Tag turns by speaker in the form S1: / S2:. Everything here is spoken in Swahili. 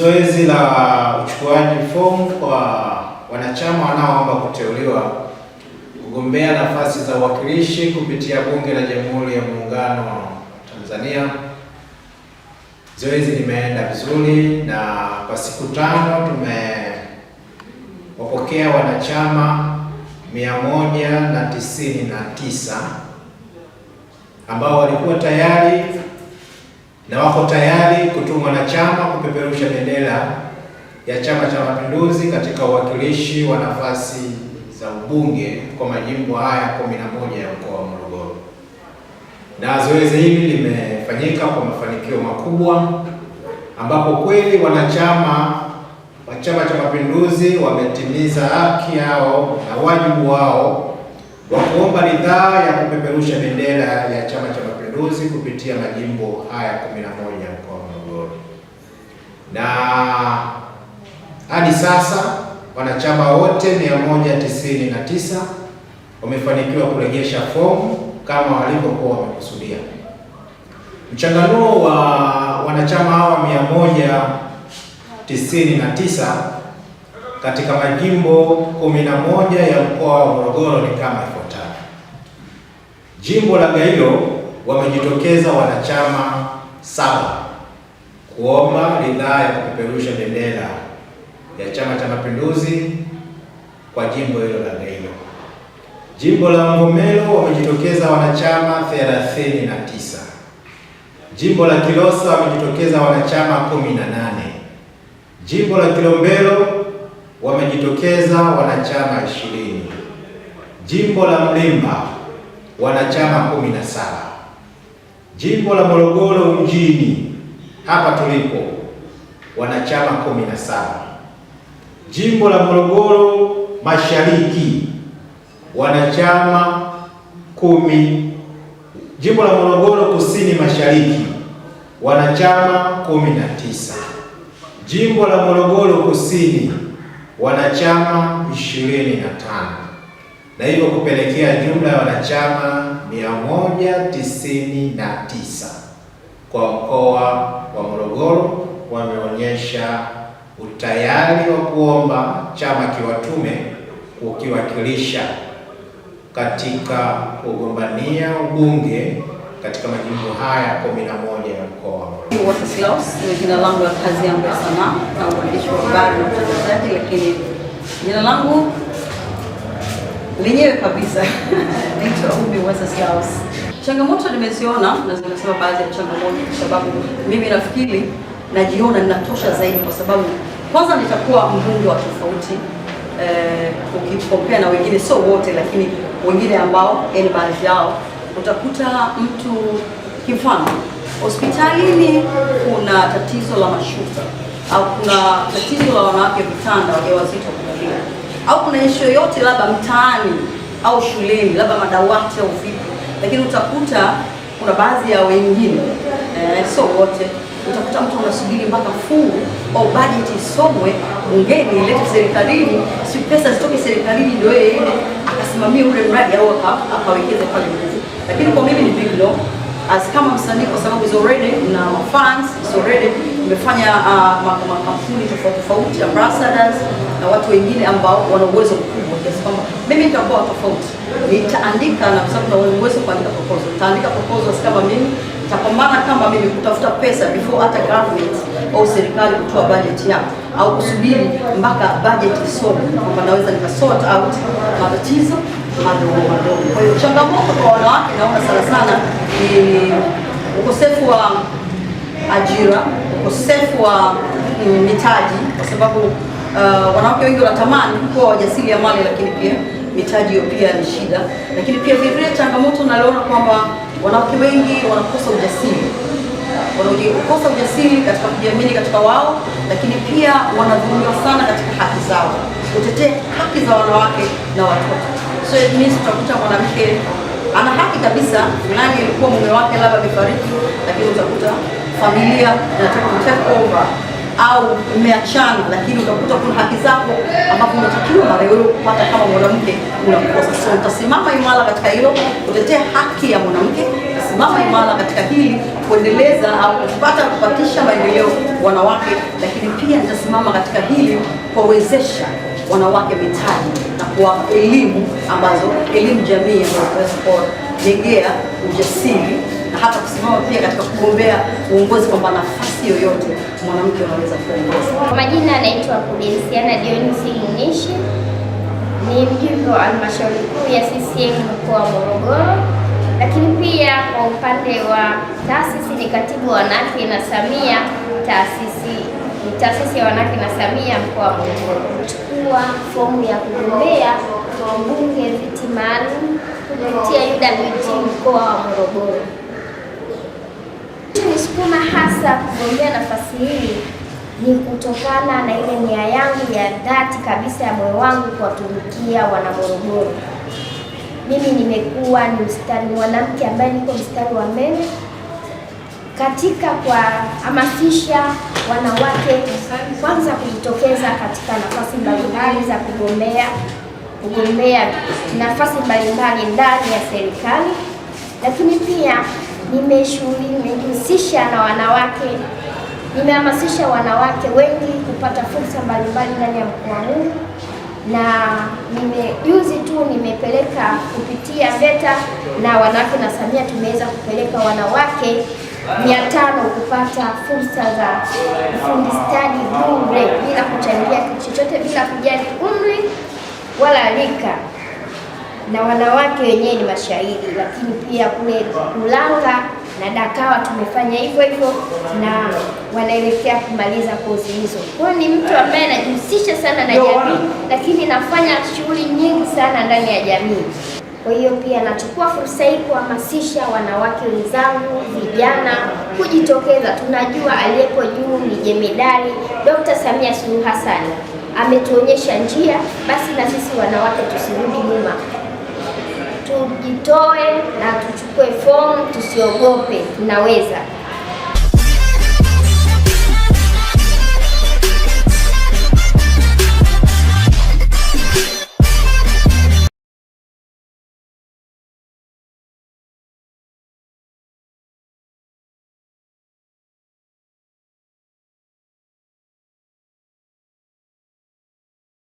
S1: Zoezi la uchukuaji fomu kwa wanachama wanaoomba kuteuliwa kugombea nafasi za uwakilishi kupitia Bunge la Jamhuri ya Muungano wa Tanzania. Zoezi limeenda vizuri na kwa siku tano tumewapokea wanachama mia moja na tisini na tisa ambao walikuwa tayari na wako tayari na chama kupeperusha bendera ya Chama cha Mapinduzi katika uwakilishi wa nafasi za ubunge kwa majimbo haya kumi na moja ya mkoa wa Morogoro, na zoezi hili limefanyika kwa mafanikio makubwa, ambapo kweli wanachama wa Chama cha Mapinduzi wametimiza haki yao na wajibu wao wa kuomba ridhaa ya kupeperusha bendera ya Chama cha Mapinduzi kupitia majimbo haya 11 mkoa wa Morogoro, na hadi sasa wanachama wote 199 wamefanikiwa kurejesha fomu kama walivyokuwa wamekusudia. Mchanganuo wa wanachama hawa 199 katika majimbo 11 ya mkoa wa Morogoro ni kama ifuatavyo: jimbo la Gairo wamejitokeza wanachama saba kuomba ridhaa ya kupeperusha bendera ya Chama cha Mapinduzi kwa jimbo hilo la Ngeiro. Jimbo la Mvomero wamejitokeza wanachama 39. Jimbo la Kilosa wamejitokeza wanachama 18. Jimbo la Kilombero wamejitokeza wanachama 20. Jimbo la Mlimba wanachama 17. Jimbo la Morogoro mjini hapa tulipo wanachama kumi na saba. Jimbo la Morogoro mashariki wanachama kumi. Jimbo la Morogoro kusini mashariki wanachama kumi na tisa. Jimbo la Morogoro kusini wanachama ishirini na tano na hivyo kupelekea jumla ya wanachama 199 kwa mkoa wa Morogoro wameonyesha utayari wa kuomba chama kiwatume kukiwakilisha katika kugombania ubunge katika majimbo haya 11 ya mkoa. jina langu la kazi yangu ya sanaa na uandishi wa habari na utangazaji, lakini jina langu lenyewe kabisa naitwa Umi House. Changamoto nimeziona na zimesema baadhi ya changamoto, kwa sababu mimi nafikiri najiona ninatosha zaidi, kwa sababu kwanza nitakuwa mbunge wa tofauti eh, ukikompea na wengine, sio wote, lakini wengine ambao yani baadhi yao utakuta mtu kimfano hospitalini kuna tatizo la mashuka au kuna tatizo la wanawake vitanda wajawazito kukalia au kuna ishu yoyote labda mtaani au shuleni, labda madawati au vipi, lakini utakuta kuna baadhi ya wengine eh, sio wote, utakuta mtu anasubiri mpaka fungu au budget isomwe bungeni ilete serikalini, si pesa zitoke serikalini ndio yeye ile akasimamia ule mradi au akawekeza pale nguvu. Lakini kwa mimi ni big no as kama msanii, kwa sababu is already na fans is already imefanya uh, makampuni tofauti tofauti ambassadors na watu wengine ambao wana uwezo mkubwa kiasi kwamba mimi nitakuwa tofauti, nitaandika na kwa sababu na uwezo kuandika proposal, nitaandika proposal kama mimi nitapambana kama mimi kutafuta pesa before hata government au serikali kutoa budget yao au kusubiri mpaka budget isome, kwamba naweza nika sort out matatizo madogo madogo. Kwa hiyo changamoto kwa wanawake naona sana sana ni ukosefu wa ajira, ukosefu wa mm, mitaji, kwa sababu uh, wanawake wengi wanatamani kuwa wajasiriamali, lakini pia mitaji hiyo pia ni shida. Lakini pia vile vile changamoto naliona kwamba wanawake wengi wanakosa ujasiri wanaokosa ujasiri katika kujiamini katika wao, lakini pia wanadhulumiwa sana katika haki zao, kutetea haki za wanawake na watoto. So it means utakuta mwanamke ana haki kabisa fulani, ilikuwa mume wake labda amefariki, lakini utakuta familia inataka kutake over au umeachana, lakini utakuta kuna haki zako ambapo unatakiwa na wewe kupata kama mwanamke unakosa. So utasimama imara katika hilo, utetea haki ya mwanamke, simama imara katika hili, kuendeleza au kupata kupatisha maendeleo wanawake, lakini pia nitasimama katika hili kuwezesha wanawake mitaji na kwa elimu ambazo elimu jamii ambayo tunaweza ujasiri hata kusimama pia katika kugombea uongozi, kwamba nafasi yoyote mwanamke anaweza kuongoza.
S2: Kwa majina anaitwa Kudensiana Dionisi Munishi, ni mjumbe wa halmashauri kuu ya CCM mkoa wa Morogoro, lakini pia kwa upande wa taasisi ni katibu wa wanawake na Samia taasisi ni taasisi ya wanawake na Samia mkoa wa Morogoro. Kuchukua fomu ya kugombea kwa ubunge viti maalum kupitia UWT mkoa wa Morogoro kunisukuma hasa kugombea nafasi hii ni kutokana na ile nia yangu ya dhati kabisa ya moyo wangu kuwatumikia Wanamorogoro. Mimi nimekuwa ni mstari mwanamke ambaye niko mstari wa mbele katika kuwahamasisha wanawake kwanza kujitokeza katika nafasi mbalimbali za kugombea kugombea nafasi mbalimbali ndani ya serikali, lakini pia nimejihusisha na wanawake, nimehamasisha wanawake wengi kupata fursa mbalimbali ndani ya mkoa huu, na nime juzi tu nimepeleka kupitia VETA na wanawake na Samia tumeweza kupeleka wanawake mia tano kupata fursa za ufundi stadi bure bila kuchangia chochote, bila kujali umri wala rika na wanawake wenyewe ni mashahidi, lakini pia kule Kulanga na Dakawa tumefanya hivyo hivyo na wanaelekea kumaliza kozi hizo. Kwa hiyo ni mtu ambaye anajihusisha sana na jamii, lakini nafanya shughuli nyingi sana ndani ya jamii. Kwa hiyo pia nachukua fursa hii kuhamasisha wanawake wenzangu vijana kujitokeza. Tunajua aliyepo juu ni jemedari Dr. Samia Suluhu Hassan ametuonyesha njia, basi na sisi wanawake tusirudi nyuma tujitoe na tuchukue fomu, tusiogope, tunaweza.